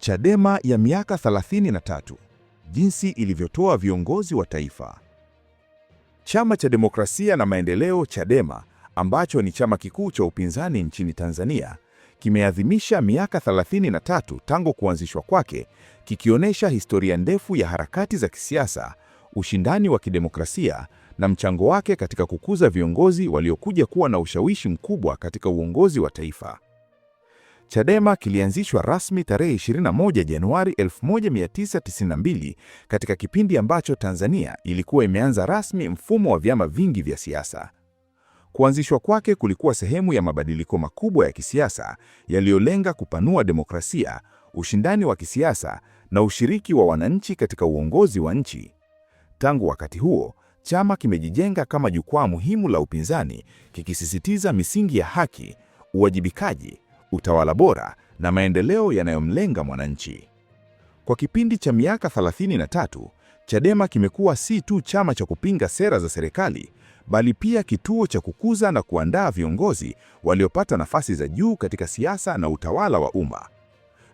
Chadema ya miaka 33, jinsi ilivyotoa viongozi wa taifa. Chama cha Demokrasia na Maendeleo Chadema, ambacho ni chama kikuu cha upinzani nchini Tanzania, kimeadhimisha miaka 33 tangu kuanzishwa kwake, kikionyesha historia ndefu ya harakati za kisiasa, ushindani wa kidemokrasia na mchango wake katika kukuza viongozi waliokuja kuwa na ushawishi mkubwa katika uongozi wa taifa. Chadema kilianzishwa rasmi tarehe 21 Januari 1992 katika kipindi ambacho Tanzania ilikuwa imeanza rasmi mfumo wa vyama vingi vya siasa. Kuanzishwa kwake kulikuwa sehemu ya mabadiliko makubwa ya kisiasa yaliyolenga kupanua demokrasia, ushindani wa kisiasa na ushiriki wa wananchi katika uongozi wa nchi. Tangu wakati huo, chama kimejijenga kama jukwaa muhimu la upinzani, kikisisitiza misingi ya haki, uwajibikaji utawala bora na maendeleo yanayomlenga mwananchi. Kwa kipindi cha miaka 33, Chadema kimekuwa si tu chama cha kupinga sera za serikali, bali pia kituo cha kukuza na kuandaa viongozi waliopata nafasi za juu katika siasa na utawala wa umma.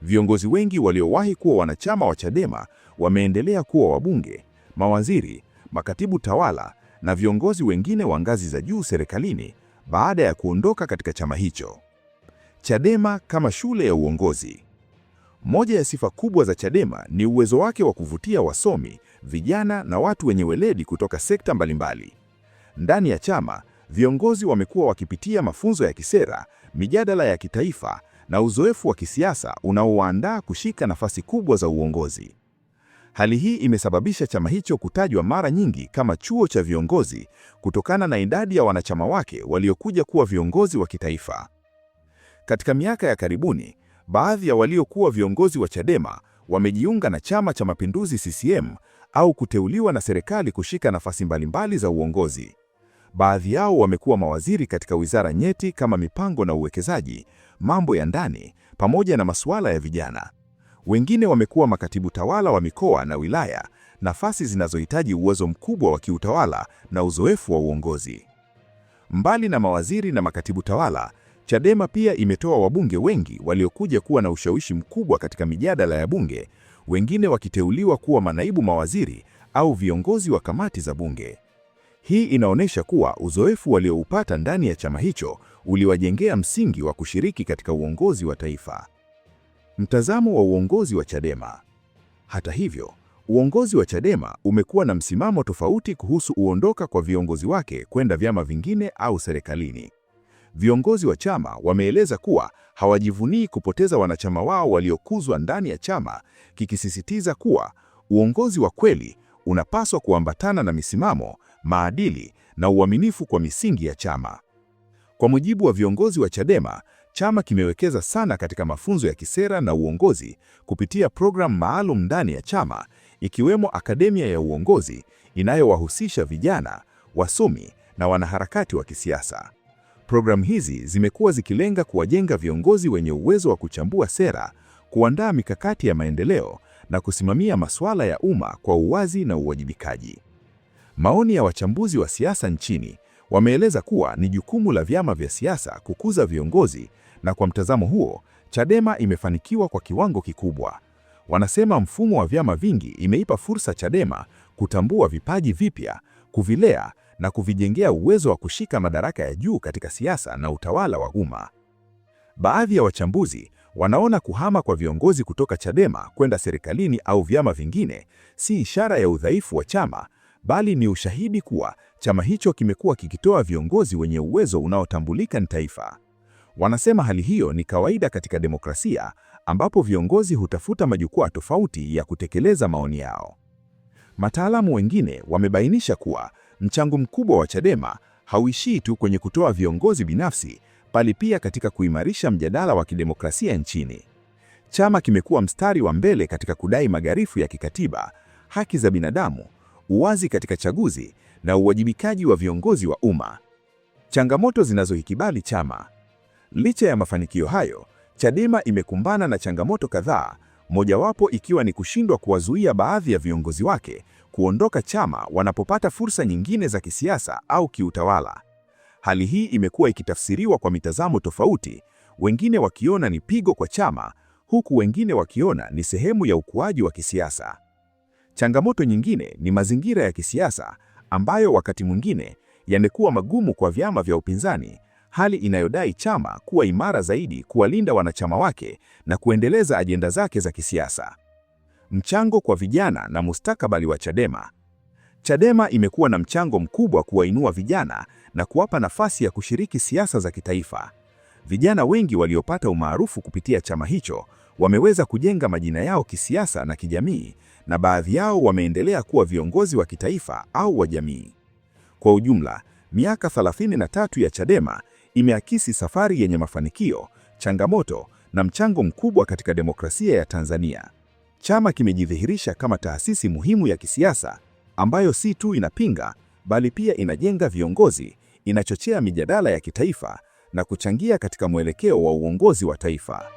Viongozi wengi waliowahi kuwa wanachama wa Chadema wameendelea kuwa wabunge, mawaziri, makatibu tawala na viongozi wengine wa ngazi za juu serikalini baada ya kuondoka katika chama hicho. CHADEMA kama shule ya uongozi. Moja ya sifa kubwa za CHADEMA ni uwezo wake wa kuvutia wasomi, vijana na watu wenye weledi kutoka sekta mbalimbali. Ndani ya chama, viongozi wamekuwa wakipitia mafunzo ya kisera, mijadala ya kitaifa na uzoefu wa kisiasa unaowaandaa kushika nafasi kubwa za uongozi. Hali hii imesababisha chama hicho kutajwa mara nyingi kama chuo cha viongozi kutokana na idadi ya wanachama wake waliokuja kuwa viongozi wa kitaifa. Katika miaka ya karibuni, baadhi ya waliokuwa viongozi wa Chadema wamejiunga na Chama cha Mapinduzi CCM au kuteuliwa na serikali kushika nafasi mbalimbali za uongozi. Baadhi yao wamekuwa mawaziri katika wizara nyeti kama mipango na uwekezaji, mambo ya ndani pamoja na masuala ya vijana. Wengine wamekuwa makatibu tawala wa mikoa na wilaya, nafasi zinazohitaji uwezo mkubwa wa kiutawala na uzoefu wa uongozi. Mbali na mawaziri na makatibu tawala, Chadema pia imetoa wabunge wengi waliokuja kuwa na ushawishi mkubwa katika mijadala ya bunge, wengine wakiteuliwa kuwa manaibu mawaziri au viongozi wa kamati za bunge. Hii inaonyesha kuwa uzoefu walioupata ndani ya chama hicho uliwajengea msingi wa kushiriki katika uongozi wa taifa. Mtazamo wa uongozi wa Chadema. Hata hivyo, uongozi wa Chadema umekuwa na msimamo tofauti kuhusu uondoka kwa viongozi wake kwenda vyama vingine au serikalini viongozi wa chama wameeleza kuwa hawajivunii kupoteza wanachama wao waliokuzwa ndani ya chama, kikisisitiza kuwa uongozi wa kweli unapaswa kuambatana na misimamo, maadili na uaminifu kwa misingi ya chama. Kwa mujibu wa viongozi wa Chadema, chama kimewekeza sana katika mafunzo ya kisera na uongozi kupitia programu maalum ndani ya chama, ikiwemo akademia ya uongozi inayowahusisha vijana, wasomi na wanaharakati wa kisiasa. Programu hizi zimekuwa zikilenga kuwajenga viongozi wenye uwezo wa kuchambua sera, kuandaa mikakati ya maendeleo na kusimamia masuala ya umma kwa uwazi na uwajibikaji. Maoni ya wachambuzi wa siasa nchini wameeleza kuwa ni jukumu la vyama vya siasa kukuza viongozi, na kwa mtazamo huo, Chadema imefanikiwa kwa kiwango kikubwa. Wanasema mfumo wa vyama vingi imeipa fursa Chadema kutambua vipaji vipya, kuvilea na kuvijengea uwezo wa kushika madaraka ya juu katika siasa na utawala wa umma. Baadhi ya wachambuzi wanaona kuhama kwa viongozi kutoka Chadema kwenda serikalini au vyama vingine si ishara ya udhaifu wa chama, bali ni ushahidi kuwa chama hicho kimekuwa kikitoa viongozi wenye uwezo unaotambulika ni taifa. Wanasema hali hiyo ni kawaida katika demokrasia ambapo viongozi hutafuta majukwaa tofauti ya kutekeleza maoni yao. Mataalamu wengine wamebainisha kuwa mchango mkubwa wa Chadema hauishii tu kwenye kutoa viongozi binafsi, bali pia katika kuimarisha mjadala wa kidemokrasia nchini. Chama kimekuwa mstari wa mbele katika kudai magharifu ya kikatiba, haki za binadamu, uwazi katika chaguzi na uwajibikaji wa viongozi wa umma. Changamoto zinazoikibali chama. Licha ya mafanikio hayo, Chadema imekumbana na changamoto kadhaa mojawapo ikiwa ni kushindwa kuwazuia baadhi ya viongozi wake kuondoka chama wanapopata fursa nyingine za kisiasa au kiutawala. Hali hii imekuwa ikitafsiriwa kwa mitazamo tofauti, wengine wakiona ni pigo kwa chama, huku wengine wakiona ni sehemu ya ukuaji wa kisiasa. Changamoto nyingine ni mazingira ya kisiasa ambayo wakati mwingine yamekuwa magumu kwa vyama vya upinzani hali inayodai chama kuwa imara zaidi kuwalinda wanachama wake na kuendeleza ajenda zake za kisiasa. Mchango kwa vijana na mustakabali wa Chadema. Chadema imekuwa na mchango mkubwa kuwainua vijana na kuwapa nafasi ya kushiriki siasa za kitaifa. Vijana wengi waliopata umaarufu kupitia chama hicho wameweza kujenga majina yao kisiasa na kijamii, na baadhi yao wameendelea kuwa viongozi wa kitaifa au wa jamii. Kwa ujumla, miaka 33 ya Chadema imeakisi safari yenye mafanikio, changamoto na mchango mkubwa katika demokrasia ya Tanzania. Chama kimejidhihirisha kama taasisi muhimu ya kisiasa ambayo si tu inapinga bali pia inajenga viongozi, inachochea mijadala ya kitaifa na kuchangia katika mwelekeo wa uongozi wa taifa.